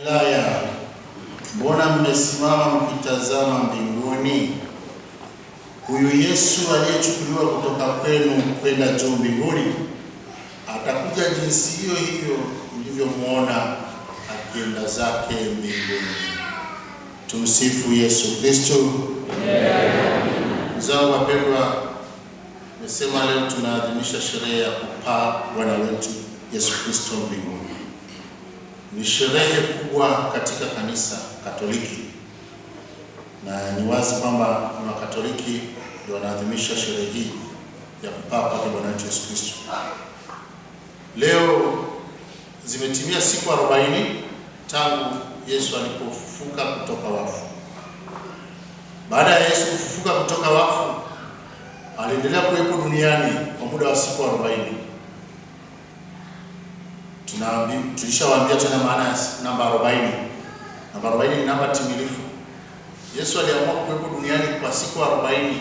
elaya mbona mmesimama mkitazama mbinguni? Huyu Yesu aliyechukuliwa kutoka kwenu kwenda juu mbinguni atakuja jinsi hiyo hiyo mlivyomwona akienda zake mbinguni. Tumsifu Yesu Kristo. Mzao wapendwa, mesema leo tunaadhimisha sherehe ya kupaa Bwana wetu Yesu Kristo mbinguni ni sherehe kubwa katika kanisa Katoliki na ni wazi kwamba ni Wakatoliki ndio wanaadhimisha sherehe hii ya kupaa kwake Bwana wetu Yesu Kristo. Leo zimetimia siku arobaini tangu Yesu alipofufuka kutoka wafu. Baada ya Yesu kufufuka kutoka wafu, aliendelea kuwepo duniani kwa muda wa siku arobaini tulishawaambia tena maana ya namba 40. Namba 40 ni namba timilifu. Yesu aliamua kuwepo duniani kwa siku 40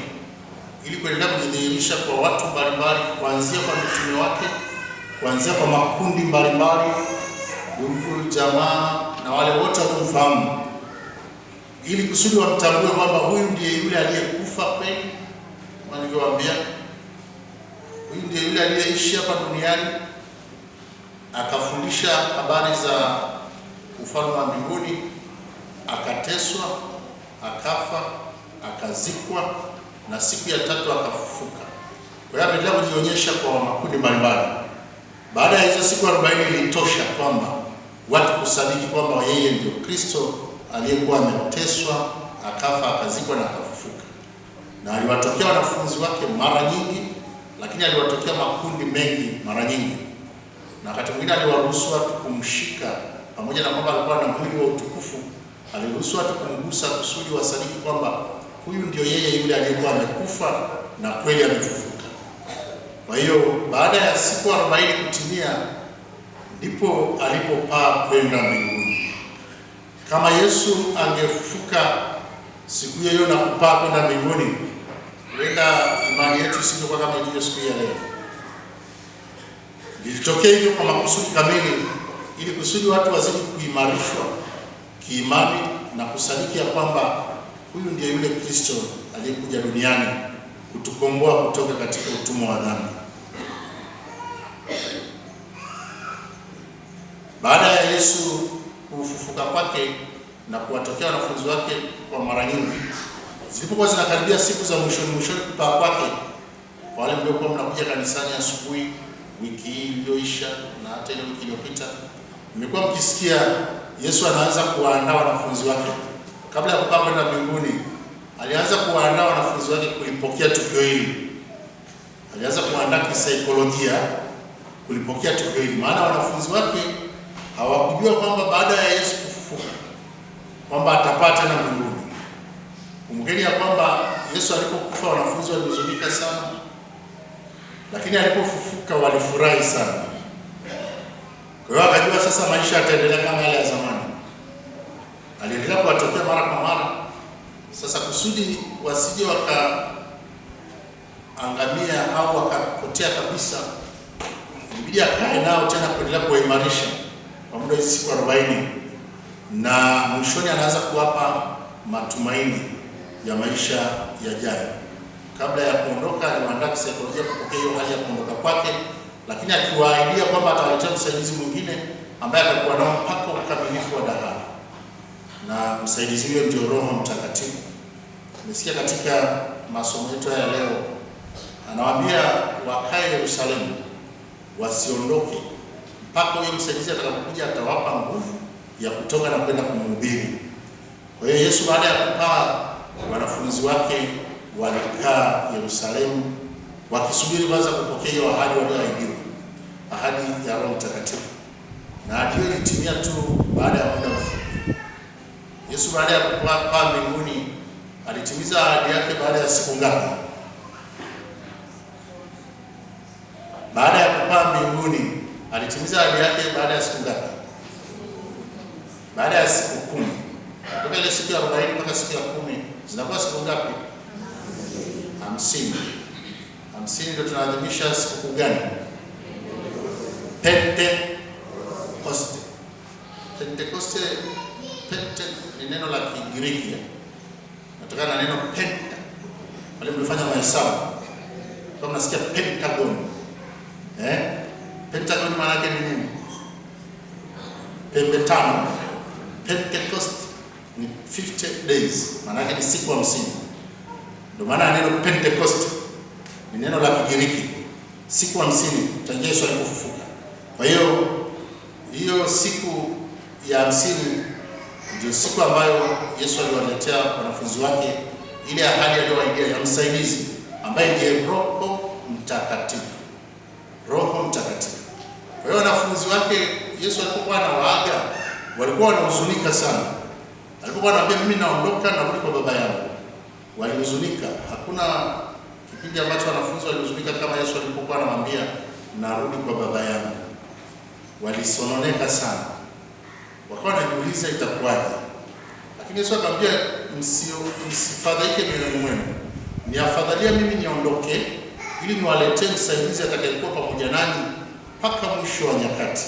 ili kuendelea kujidhihirisha kwa watu mbalimbali, kuanzia kwa mitume wake, kuanzia kwa makundi mbalimbali, ndugu, jamaa na wale wote wakumfahamu, ili kusudi wamtambue kwamba huyu ndiye yule aliyekufa kweli, kama nilivyowaambia, huyu ndiye yule aliyeishi hapa duniani akafundisha habari za ufalme wa mbinguni, akateswa, akafa, akazikwa na siku ya tatu akafufuka. Kwa hiyo ameendelea kujionyesha kwa makundi mbalimbali. Baada ya hizo siku 40 ilitosha kwamba watu kusadiki kwamba yeye ndio Kristo aliyekuwa ameteswa, akafa, akazikwa na akafufuka. Na aliwatokea wanafunzi wake mara nyingi, lakini aliwatokea makundi mengi mara nyingi na wakati mwingine aliwaruhusu watu kumshika, pamoja na kwamba alikuwa na mwili wa utukufu, aliruhusu watu kumgusa kusudi wasadiki kwamba huyu ndio yeye yule aliyekuwa amekufa na kweli amefufuka. Kwa hiyo baada ya siku arobaini kutimia, ndipo alipopaa kwenda mbinguni. Kama Yesu angefufuka siku hiyo hiyo na kupaa kwenda mbinguni, huenda imani yetu isingekuwa kama ilivyo siku ya leo. Lilitokea hivyo kwa makusudi kamili, ili kusudi watu wazidi kuimarishwa kiimani na kusadiki ya kwamba huyu ndiye yule Kristo aliyekuja duniani kutukomboa kutoka katika utumwa wa dhambi. Baada ya Yesu kufufuka kwake na kuwatokea wanafunzi wake kwa mara nyingi, zilipokuwa zinakaribia siku za mwishoni mwishoni kupaa kwake, kwa wale mliokuwa mnakuja kanisani asubuhi wiki hii iliyoisha na hata ile wiki iliyopita, mmekuwa mkisikia Yesu anaanza kuwaandaa wanafunzi wake kabla ya kupaa kwenda mbinguni. Alianza kuwaandaa wanafunzi wake kulipokea tukio hili, alianza kuandaa kisaikolojia kulipokea tukio hili, maana wanafunzi wake hawakujua kwamba baada ya Yesu kufufuka kwamba atapaa tena mbinguni. Kumbukeni ya kwamba Yesu alipokufa wanafunzi walihuzunika sana lakini alipofufuka walifurahi sana. Kwa hiyo akajua sasa maisha yataendelea kama yale ya zamani. Aliendelea kuwatokea mara kwa mara, sasa kusudi wasije wakaangamia au wakapotea kabisa, ilibidi akae nao tena kuendelea kuwaimarisha kwa muda hizi siku arobaini, na mwishoni anaanza kuwapa matumaini ya maisha yajayo kabla ya kuondoka aliwaandaa kisaikolojia kupokea hiyo hali ya kuondoka kwake, lakini akiwaahidia kwamba atawaletea msaidizi mwingine ambaye atakuwa nao mpaka ukamilifu wa dahari, na msaidizi huyo ndio Roho Mtakatifu. Nimesikia katika masomo yetu haya leo anawaambia wakae Yerusalemu, wasiondoke mpaka huyo msaidizi atakapokuja, atawapa nguvu ya kutoka na kwenda kumhubiri. Kwa hiyo Yesu baada ya kupaa wanafunzi wake walikaa Yerusalemu wakisubiri kwanza kupokea ahadi walioahidiwa, ahadi ya Roho Mtakatifu, na ahadi hiyo ilitimia tu baada ya muda mfupi. Yesu baada ya kupaa mbinguni alitimiza ahadi yake baada ya siku ngapi? Baada ya kupaa mbinguni alitimiza ahadi yake baada ya siku ngapi? Baada ya siku kumi. Kutoka ile siku ya arobaini mpaka siku ya kumi zinakuwa siku ngapi? hamsini. Hamsini ndio tunaadhimisha siku gani? Pentekoste. Pentekoste, pente ni neno la Kigiriki natokana na neno penta. Wale mlifanya mahesabu kwa mnasikia pentagon eh? Pentagon maana yake ni nini? Pembe tano. Pentecost ni 50 days, maana yake ni siku hamsini. Ndio maana neno Pentecost ni neno la Kigiriki, siku hamsini tangia Yesu alipofufuka. Kwa hiyo hiyo siku ya hamsini ndio siku ambayo Yesu aliwaletea wanafunzi wake ile ahadi aliyowaidia ya msaidizi ambaye ndiye Roho Mtakatifu, Roho Mtakatifu. Kwa hiyo wanafunzi wake Yesu alipokuwa anawaaga walikuwa wanahuzunika sana, alipokuwa anawaambia mimi naondoka na kwa baba yangu walihuzunika. Hakuna kipindi ambacho wanafunzi walihuzunika kama Yesu alipokuwa anawaambia narudi kwa baba yangu. Walisononeka sana, wakawa wanajiuliza itakuwaje? Lakini Yesu akamwambia msifadhaike mioyoni mwenu, ni afadhalia mimi niondoke ili niwaletee msaidizi atakayekuwa pamoja nanyi mpaka mwisho wa nyakati.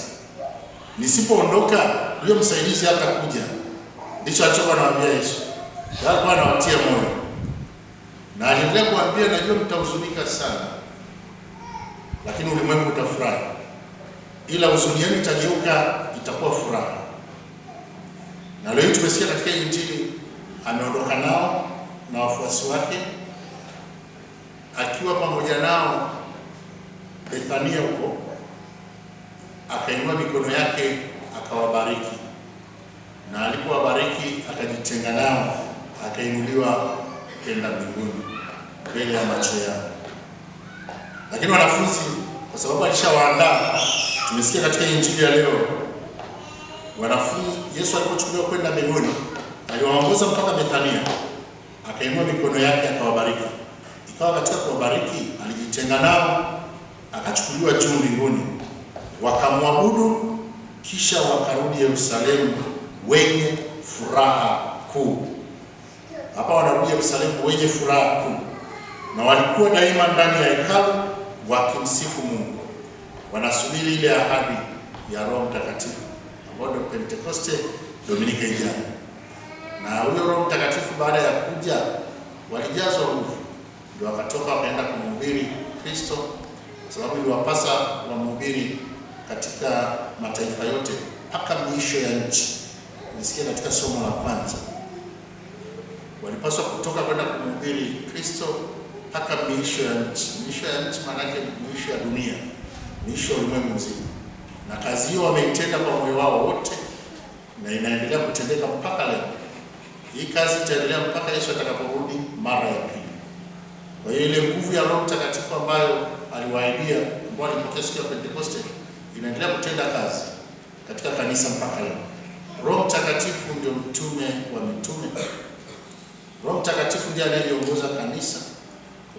Nisipoondoka huyo msaidizi hatakuja. Ndicho alichokuwa anawaambia Yesu, alikuwa anawatia moyo na aliendelea kuambia, najua mtahuzunika sana, lakini ulimwengu utafurahi, ila huzuni yenu itageuka itakuwa furaha. Na leo tumesikia katika Injili ameondoka nao na wafuasi wake akiwa pamoja nao Bethania huko, akainua mikono yake akawabariki, na alipowabariki akajitenga nao akainuliwa kwenda mbinguni mbele ya macho yao. Lakini wanafunzi kwa sababu alishawaandaa, tumesikia katika injili ya leo, wanafunzi Yesu alipochukuliwa kwenda mbinguni aliwaongoza mpaka Bethania, akainua mikono yake akawabariki. Ikawa katika kuwabariki alijitenga nao, akachukuliwa juu mbinguni, wakamwabudu, kisha wakarudi Yerusalemu wenye furaha kuu hapa wanarudi Yerusalemu wenye furaha kuu, na walikuwa daima ndani ya hekalu wakimsifu Mungu. Wanasubiri ile ahadi ya Roho Mtakatifu ambayo ndio Pentekoste Dominika ijayo. Na huyo Roho Mtakatifu baada ya kuja walijazwa nguvu, ndio wakatoka wakaenda kumhubiri Kristo, kwa sababu iliwapasa wamhubiri katika mataifa yote mpaka miisho ya nchi. Nisikia katika somo la kwanza walipaswa kutoka kwenda kumhubiri Kristo mpaka miisho ya nchi. Miisho ya nchi maana yake miisho ya dunia, miisho ya ulimwengu mzima, na kazi hiyo wameitenda kwa moyo wao wote na inaendelea kutendeka mpaka leo. Hii kazi itaendelea mpaka Yesu atakaporudi mara ya pili. Kwa hiyo ile nguvu ya Roho Mtakatifu ambayo aliwaahidia, ambao alipokea siku ya Pentekoste, inaendelea kutenda kazi katika kanisa mpaka leo. Roho Mtakatifu ndio mtume wa mitume Roho Mtakatifu ndiye anayeongoza kanisa.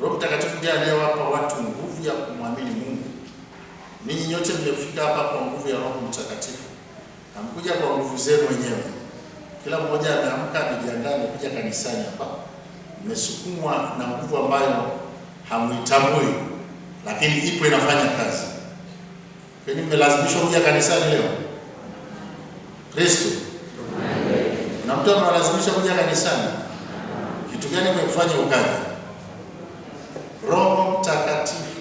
Roho Mtakatifu ndiye anayewapa watu nguvu ya kumwamini Mungu. Ninyi nyote mmefika hapa kwa nguvu ya Roho Mtakatifu, amkuja kwa nguvu zenu wenyewe. Kila mmoja ameamka, amejiandaa, amekuja kanisani hapa, mmesukumwa na nguvu ambayo hamuitambui, lakini ipo, inafanya kazi. Kwani mmelazimishwa kuja kanisani leo? Kristo, na mtu amelazimisha kuja kanisani? Kitu gani kimekufanya ukaje? Roho Mtakatifu.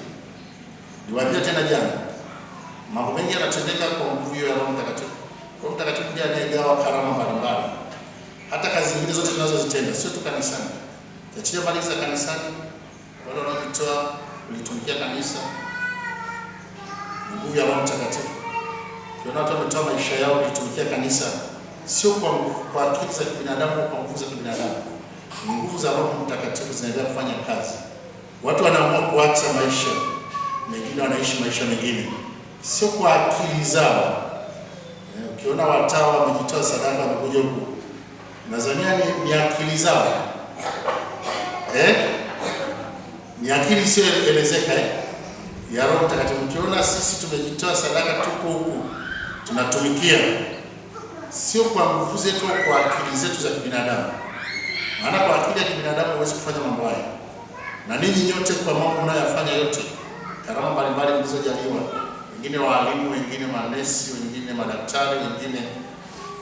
Niwaambia tena jana, mambo mengi yanatendeka kwa nguvu ya Roho Mtakatifu. Roho Mtakatifu ndiye anayegawa karama mbalimbali, hata kazi zingine zote tunazozitenda, sio tu kanisani. Tachia mbali za kanisani, wale wanaojitoa kulitumikia kanisa, nguvu ya Roho Mtakatifu. Kuna watu wametoa maisha yao kulitumikia kanisa, sio kwa kwa akili za kibinadamu, kwa nguvu za kibinadamu nguvu za Roho Mtakatifu zinaendelea kufanya kazi. Watu wanaamua kuacha maisha mengine, wanaishi maisha mengine, sio kwa akili zao. Eh, ukiona watawa wamejitoa sadaka, wamekuja huku, nadhania ni akili zao eh? ni akili isiyoelezeka eh? ya Roho Mtakatifu. Ukiona sisi tumejitoa sadaka, tuko huku tunatumikia, sio kwa nguvu zetu, kwa akili zetu za kibinadamu. Maana kwa akili ya kibinadamu huwezi kufanya mambo haya, na ninyi nyote kwa mambo mnayoyafanya yote, karama mbalimbali mlizojaliwa, wengine waalimu, wengine manesi, wengine madaktari, wengine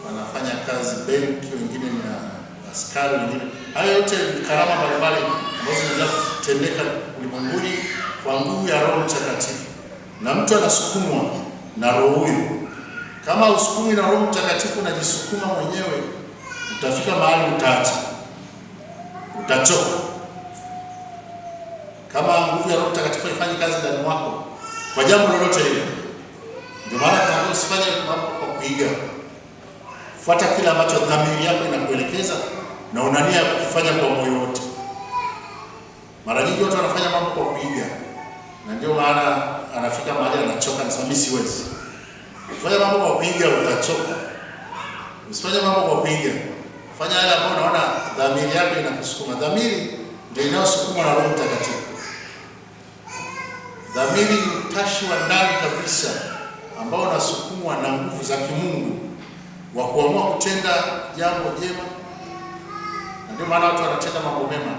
wanafanya kazi benki, wengine ni askari, wengine hayo yote ni karama mbalimbali ambazo zinaweza kutendeka ulimwenguni kwa nguvu ya Roho Mtakatifu, na mtu anasukumwa na roho huyo. Kama usukumi na Roho Mtakatifu, unajisukuma mwenyewe, utafika mahali utaacha Utachoka. Kama nguvu ya Roho Mtakatifu ifanye kazi ndani mwako kwa jambo lolote lile. Ndio maana tunataka usifanye mambo kwa kuiga. Fuata kila ambacho dhamiri yako inakuelekeza na unania kufanya kwa moyo wote. Mara nyingi watu wanafanya mambo kwa kuiga. Na ndio maana anafika mahali anachoka, anasema mimi siwezi. Fanya mambo kwa kuiga, utachoka. Usifanye mambo kwa kuiga. Fanya yale ambayo unaona dhamiri yako inakusukuma. Dhamiri ndio inayosukumwa na Roho Mtakatifu. Dhamiri ni utashi wa ndani kabisa ambao unasukumwa na nguvu za kimungu wa kuamua kutenda jambo jema, na ndio maana watu wanatenda mambo mema,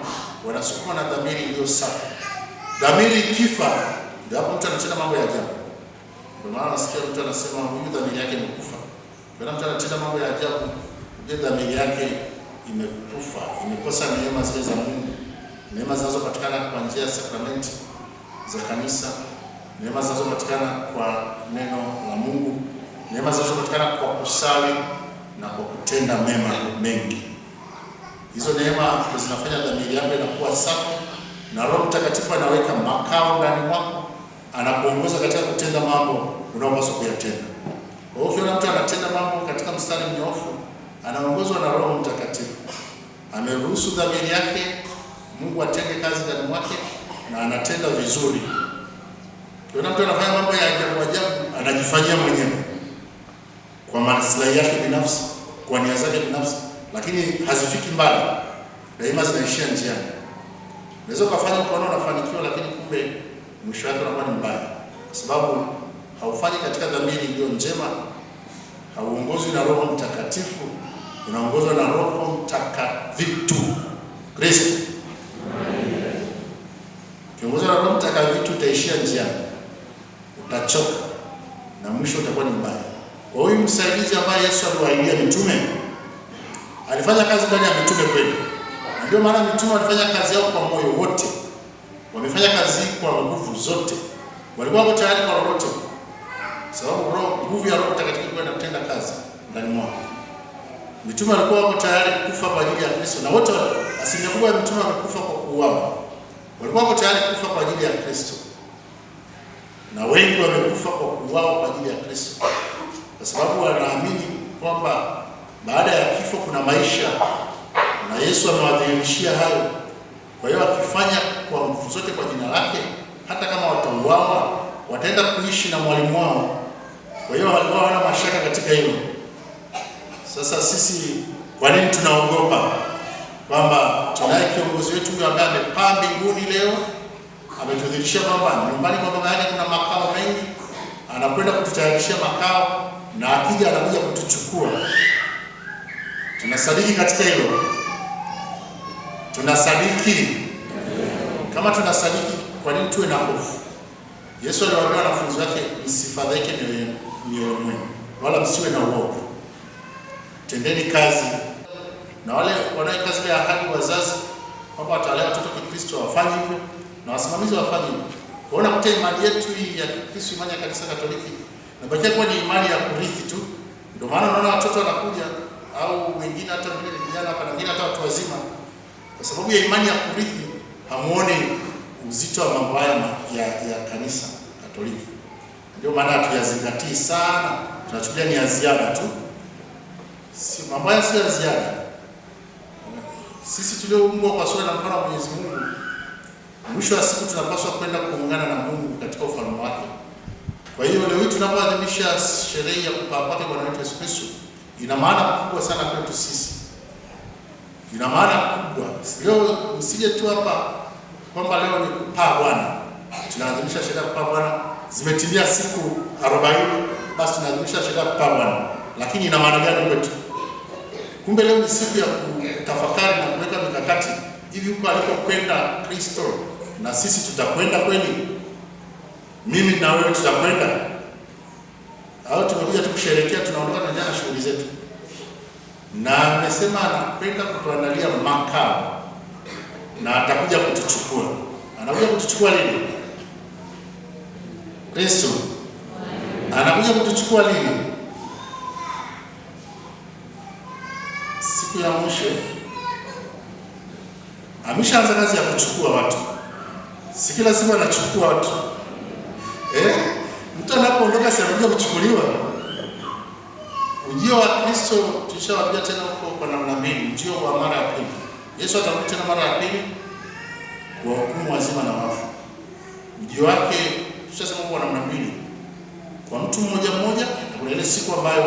wanasukumwa na dhamiri iliyo safi. Dhamiri ikifa, ndio hapo mtu anatenda mambo ya ajabu. Ndio maana nasikia mtu anasema huyu dhamiri yake imekufa, ndio mtu anatenda mambo ya ajabu ile dhamiri yake imekufa, imekosa neema zile za Mungu, neema zinazopatikana kwa njia ya sakramenti za kanisa, neema zinazopatikana kwa neno la Mungu, neema zinazopatikana kwa kusali na kwa kutenda mema mengi. Hizo neema zinafanya dhamiri yako inakuwa safi, na Roho Mtakatifu anaweka makao ndani mwako, anakuongoza katika kutenda mambo unaopaswa kuyatenda. Kwa hiyo ukiona mtu anatenda mambo katika mstari mnyofu anaongozwa na Roho Mtakatifu, ameruhusu dhamiri yake Mungu atende kazi ndani mwake na anatenda vizuri. Kuna mtu anafanya mambo ya ajabu ajabu, anajifanyia mwenyewe kwa maslahi yake binafsi, kwa nia zake binafsi, lakini hazifiki mbali, daima zinaishia njiani. Unaweza ukafanya ukaona unafanikiwa, lakini kumbe mwisho wake unakuwa ni mbaya, kwa sababu haufanyi katika dhamiri iliyo njema, hauongozwi na Roho Mtakatifu unaongozwa na Roho Mtakatifu Kristo. Ukiongozwa na Roho Mtakatifu utaishia njiani, utachoka na mwisho utakuwa ni mbaya. Kwa huyu msaidizi ambaye Yesu aliwaahidia mitume, alifanya kazi ndani ya mitume kweli, na ndio maana mitume walifanya kazi yao kwa moyo wote, wamefanya kazi kwa nguvu zote, walikuwa wako tayari kwa lolote, sababu nguvu ya Roho Mtakatifu inatenda kazi ndani mwao mtume alikuwa wako tayari kufa kwa ajili ya Kristo, na wote, asilimia kubwa ya mtume walikufa kwa kuuawa, walikuwa wako tayari kufa kwa ajili ya Kristo, na wengi wamekufa kwa kuuawa kwa ajili ya Kristo, kwa sababu wanaamini kwamba baada ya kifo kuna maisha, na Yesu amewadhihirishia hayo. Kwa hiyo wakifanya kwa nguvu zote kwa jina lake, hata kama watauawa, wataenda kuishi na mwalimu wao. Kwa hiyo walikuwa hawana mashaka katika hilo. Sasa sisi kwa nini tunaogopa kwamba tunaye kiongozi wetu huyo ambaye amepaa mbinguni leo, ametudhirishia kwamba nyumbani kwa baba yake kuna makao mengi, anakwenda kututayarishia makao na akija anakuja kutuchukua. Tunasadiki katika hilo? Tunasadiki? Kama tunasadiki, kwa nini tuwe na hofu? Yesu aliwaambia wanafunzi wake, msifadhaike mioyo mwenu, wala msiwe na uoga tendeni kazi, na wale kazi ya ahadi wazazi kwamba watalea watoto Kikristo wafanye hivyo, na wasimamizi wafanye hivyo. Kuona kutia imani yetu hii ya Kikristo, imani ya kanisa Katoliki nabakia kuwa ni imani ya kurithi tu. Ndio maana unaona watoto wanakuja au wengine hata wengine ni vijana hapa na wengine hata watu wazima, kwa sababu ya imani ya kurithi. Hamuone uzito wa mambo haya ya, ya kanisa Katoliki, ndio maana hatuyazingatii sana, tunachukulia ni ya ziada tu si mambo haya si ya ziada. Sisi tulioumbwa kwa sura na mfano wa Mwenyezi Mungu, mwisho wa siku tunapaswa kwenda kuungana na Mungu katika ufalme wake. Kwa hiyo leo hii tunapoadhimisha sherehe ya kupaa kwake Bwana wetu Yesu Kristo, ina maana kubwa sana kwetu sisi, ina maana kubwa. Leo msije tu hapa kwamba leo ni kupaa Bwana, tunaadhimisha sherehe ya kupaa Bwana, zimetimia siku 40 basi tunaadhimisha sherehe ya kupaa Bwana, lakini ina maana gani kwetu? Kumbe leo ni siku ya kutafakari na kuweka mikakati hivi, huko alikokwenda Kristo na sisi tutakwenda kweli? Mimi na wewe tutakwenda au tumekuja tukusherekea, tunaondoka na shughuli zetu? Na amesema anakwenda kutuandalia makao na atakuja kutuchukua. Anakuja kutuchukua lini? Kristo anakuja kutuchukua lini? siku ya mwisho ameshaanza kazi ya kuchukua watu, si kila siku anachukua watu eh? Mtu anapoondoka si anakuja kuchukuliwa. Ujio wa Kristo tulishawaambia tena huko kwa namna mbili, ujio wa mara ya pili. Yesu atakuja tena mara ya pili kwa hukumu wazima na wafu. Ujio wake tushasema kwa namna mbili, kwa mtu mmoja mmoja, na kuna ile siku ambayo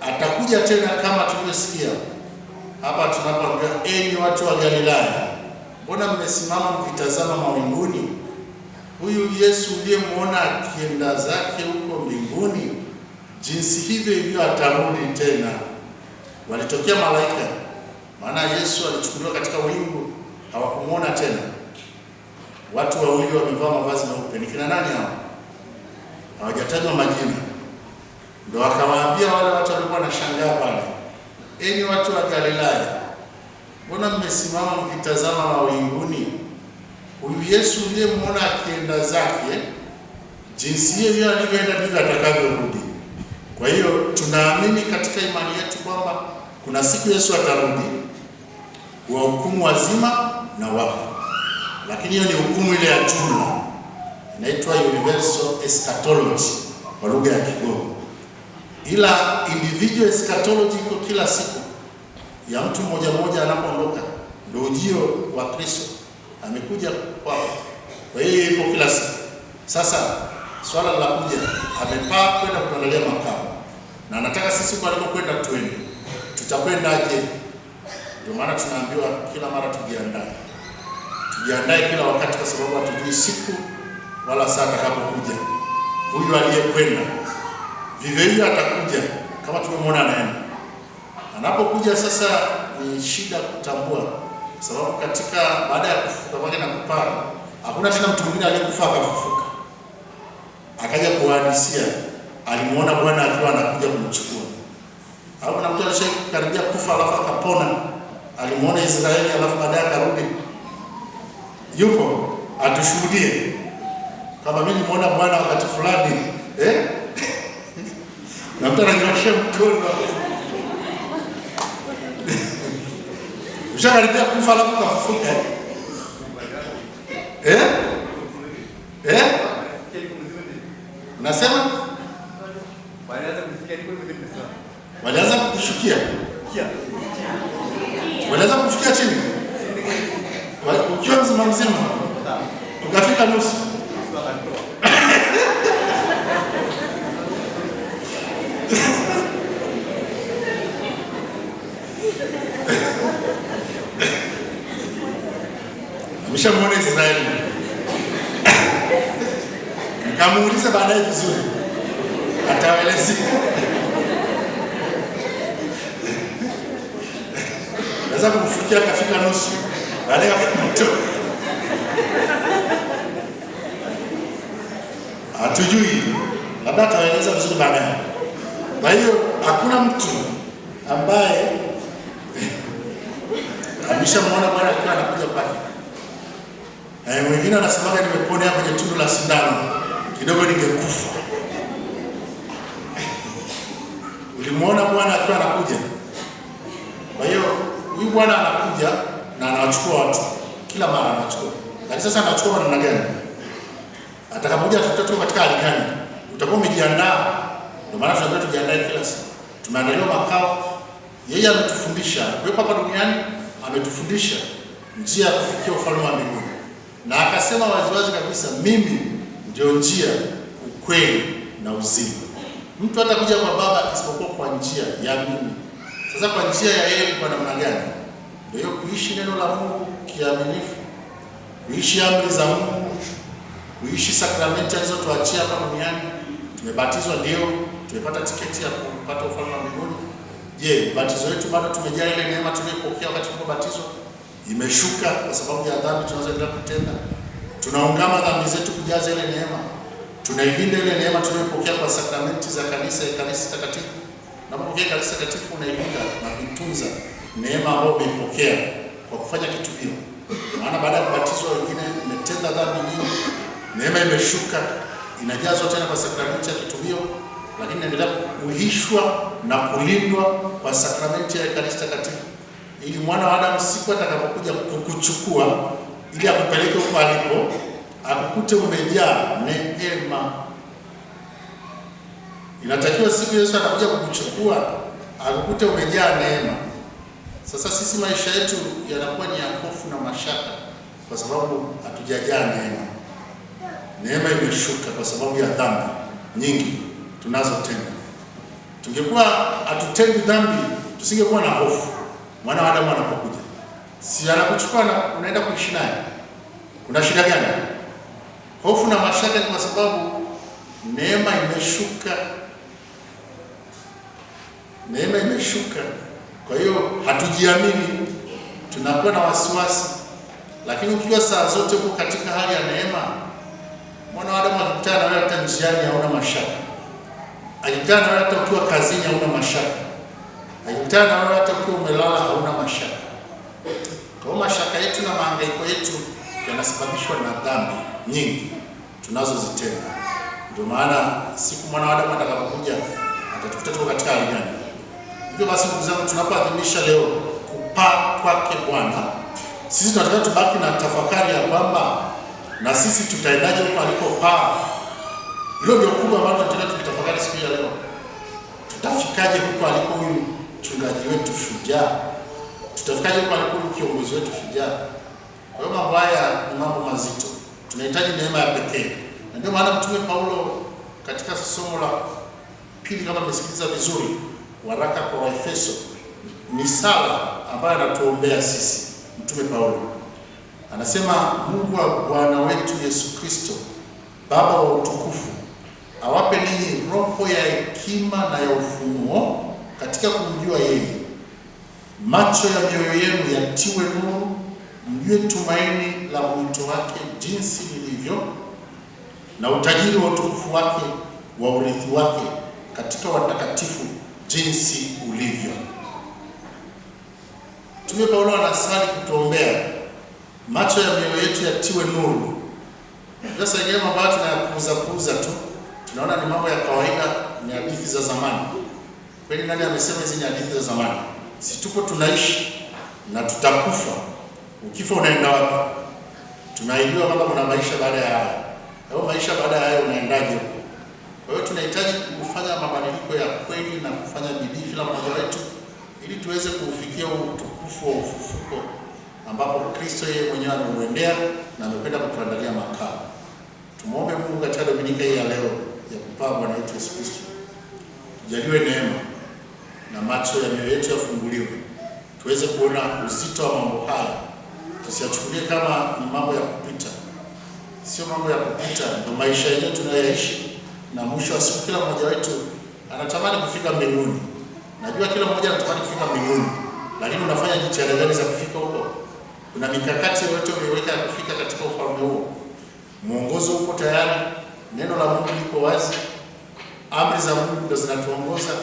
atakuja tena kama tulivyosikia hapa tunapoambia, enyi watu wa Galilaya, mbona mmesimama mkitazama mawinguni? Huyu Yesu uliyemwona akienda zake huko mbinguni, jinsi hivyo hivyo atarudi tena. Walitokea malaika, maana Yesu alichukuliwa katika wingu, hawakumwona tena. Watu wawili wamevaa mavazi meupe, ni kina nani hao? Hawajatajwa majina. Ndio akawaambia wale watu walikuwa shangaa pale enyi watu wa Galilaya, mbona mmesimama mkitazama mawinguni? Huyu Yesu uliyemwona akienda zake, jinsi hivyo alivyoenda ndivyo atakavyorudi. Kwa hiyo tunaamini katika imani yetu kwamba kuna siku Yesu atarudi wa hukumu wazima na wafu, lakini hiyo ni hukumu ile ya jumla, inaitwa universal eschatology kwa lugha ya Kigogo ila individual eschatology iko kila siku ya mtu mmoja mmoja anapoondoka, ndio ujio wa Kristo amekuja kwao. Kwa hiyo iko kila siku. Sasa swala la kuja, amepaa kwenda kutuandalia makao, na anataka sisi kwa alipokwenda tuende, tutakwendaje? Ndio maana tunaambiwa kila mara tujiandae, tujiandae kila wakati, kwa sababu hatujui siku wala saa atakapokuja huyu aliyekwenda vivyo hivyo atakuja kama tumemwona anaenda. Anapokuja sasa ni shida kutambua, sababu katika baada ya kufufuka kwake na kupaa, hakuna tena mtu mwingine aliyekufa akafufuka akaja kuwahadisia alimwona Bwana akiwa anakuja kumchukua. Au kuna mtu alishakaribia kufa alafu akapona, alimwona Israeli alafu baadaye akarudi. Yupo atushuhudie kama mimi nimeona Bwana wakati fulani eh? Na tarangachem kona. Já arrepia com falar com a fuga. É? É? Nasema? Walianza kukushukia. Walianza kukushukia chini. Ukiwa mzima mzima. Ukafika nusu. Mshamwona Israeli nikamuuliza baadaye vizuri, atawelezi naweza kumfikia kafika nusu, baadaye akamto hatujui, labda ataeleza vizuri baadaye. Kwa hiyo hakuna mtu ambaye eh, ameshamwona Bwana akiwa anakuja kwake. Eh, wengine wanasemaga nimepona kwenye tundu la sindano, kidogo ningekufa. Ulimwona Bwana akiwa anakuja. Kwa hiyo huyu Bwana anakuja na anawachukua watu, kila mara anawachukua, lakini sasa anawachukua kwa namna gani? Atakapokuja tutatoka katika hali gani? Utakuwa umejiandaa. Ndio maana tunataka tujiandae kila siku, tumeandaliwa makao. Yeye ametufundisha, alikuwepo hapa duniani, ametufundisha njia ya kufikia ufalme wa mbinguni na akasema waziwazi kabisa, mimi ndio njia, ukweli na uzima. Mtu atakuja kwa Baba isipokuwa kwa njia ya mimi. Sasa kwa njia ya yeye kwa namna gani? Ndio kuishi neno la Mungu kiaminifu, kuishi amri za Mungu, kuishi sakramenti alizotuachia hapa duniani. Tumebatizwa ndio, tumepata tiketi ya kupata ufalme wa mbinguni. Je, batizo wetu bado tumejaa ile neema tuliyopokea wakati tulipobatizwa? imeshuka kwa sababu ya dhambi tunazoendelea kutenda. Tunaungama dhambi zetu kujaza ile neema, tunailinda ile neema tunayopokea kwa sakramenti za kanisa, kanisa takatifu. Unapokea kanisa takatifu, unailinda na kuitunza neema ambayo umeipokea kwa kufanya kitu hiyo, maana baada ya kubatizwa, wengine umetenda dhambi nyingi, neema imeshuka, inajazwa tena kwa sakramenti ya kitubio, lakini naendelea kuhuishwa na kulindwa kwa sakramenti ya ekaristi takatifu ili mwana wa Adamu siku atakapokuja kukuchukua ili akupeleke huko alipo, akukute umejaa neema. Inatakiwa siku Yesu anakuja kukuchukua akukute umejaa neema. Sasa sisi maisha yetu yanakuwa ni ya hofu na mashaka, kwa sababu hatujajaa neema. Neema imeshuka kwa sababu ya dhambi nyingi tunazotenda. Tungekuwa hatutendi dhambi, tusingekuwa na hofu mwana wa Adamu anapokuja, si anakuchukua na unaenda kuishi naye? Kuna shida gani? Hofu na mashaka ni kwa sababu neema imeshuka, neema imeshuka. Kwa hiyo hatujiamini, tunakuwa na wasiwasi, lakini ukiwa saa zote uko katika hali ya neema, mwana wa Adamu akikutana na wewe hata njiani hauna mashaka, akikutana na wewe hata ukiwa kazini hauna mashaka akikutana na wewe hata ukiwa umelala hauna mashaka. Kwa mashaka yetu na mahangaiko yetu yanasababishwa na dhambi nyingi tunazozitenda. Ndio maana siku mwanadamu atakapokuja atatukuta tuko katika hali gani? Hivyo basi, ndugu zangu, tunapoadhimisha leo kupaa kwake Bwana, sisi tunataka tubaki na tafakari ya kwamba na sisi tutaendaje huko alikopaa. Hilo ndio kubwa ambalo tunataka tutafakari siku ya leo, tutafikaje huko aliko huyu mchungaji wetu shujaa, tutafikaje kwa alikuwa kiongozi wetu shujaa? Kwa hiyo mambo haya ni mambo mazito, tunahitaji neema ya pekee, na ndio maana Mtume Paulo katika somo la pili, kama mmesikiliza vizuri, waraka kwa Waefeso ni sala ambayo anatuombea sisi. Mtume Paulo anasema, Mungu wa Bwana wetu Yesu Kristo, Baba wa utukufu, awape ninyi roho ya hekima na ya ufunuo katika kumjua yeye. Macho ya mioyo yenu yatiwe nuru, mjue tumaini la mwito wake jinsi lilivyo, na utajiri wa utukufu wake wa urithi wake katika watakatifu jinsi ulivyo. Mtume Paulo anasali kutuombea macho ya mioyo yetu yatiwe nuru. Sasa ingine ambayo tunayapuuza puuza tu, tunaona ni mambo ya kawaida, ni hadithi za zamani. Kwani nani amesema hizi ni hadithi za zamani? Si tuko tunaishi na tutakufa. Ukifa unaenda wapi? Tunaambiwa kwamba kuna maisha baada ya haya. Hayo maisha baada ya haya unaendaje Kwa hiyo tunahitaji kufanya mabadiliko ya kweli na kufanya bidii kila mmoja wetu ili tuweze kufikia utukufu wa ufufuko ambapo Kristo yeye mwenyewe ameuendea na amependa kutuandalia makao. Tumwombe Mungu katika Dominika hii ya leo ya kupaa Bwana wetu Yesu Kristo. Tujaliwe neema na macho ya mioyo yetu yafunguliwe, tuweze kuona uzito wa mambo haya, tusiyachukulie kama ni mambo ya kupita. Sio mambo ya kupita, ndio maisha yenyewe tunayoishi, na mwisho wa siku kila mmoja wetu anatamani kufika mbinguni. Najua kila mmoja anatamani kufika mbinguni, lakini unafanya jitihada gani za kufika huko? Kuna mikakati yoyote umeweka ya kufika katika ufalme huo? Mwongozo uko tayari, neno la Mungu liko wazi, amri za Mungu ndo zinatuongoza.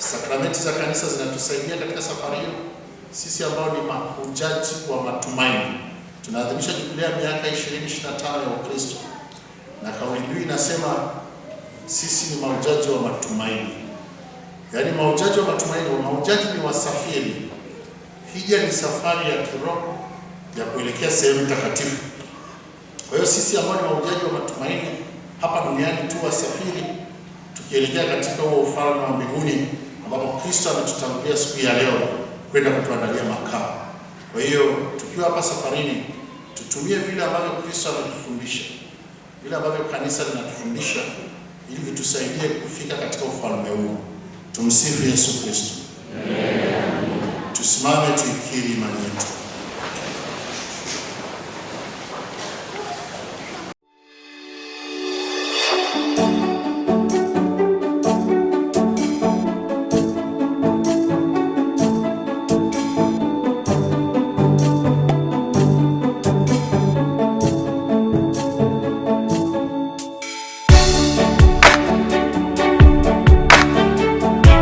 Sakramenti za kanisa zinatusaidia katika safari hiyo. Sisi ambao ni mahujaji wa matumaini tunaadhimisha jubilei ya miaka 2025 ya Ukristo, na kauli mbiu inasema sisi ni mahujaji wa matumaini. Yaani mahujaji wa matumaini, mahujaji ni wasafiri. Hija ni safari ya kiroho ya kuelekea sehemu takatifu. Kwa hiyo sisi ambao ni mahujaji wa matumaini hapa duniani tu wasafiri tukielekea katika huo ufalme wa mbinguni ambapo Kristo ametutangulia siku ya leo kwenda kutuandalia makao. Kwa hiyo tukiwa hapa safarini, tutumie vile ambavyo Kristo ametufundisha, vile ambavyo kanisa linatufundisha ili vitusaidie kufika katika ufalme huu. Tumsifu Yesu Kristo. Tusimame tuikiri imani yetu.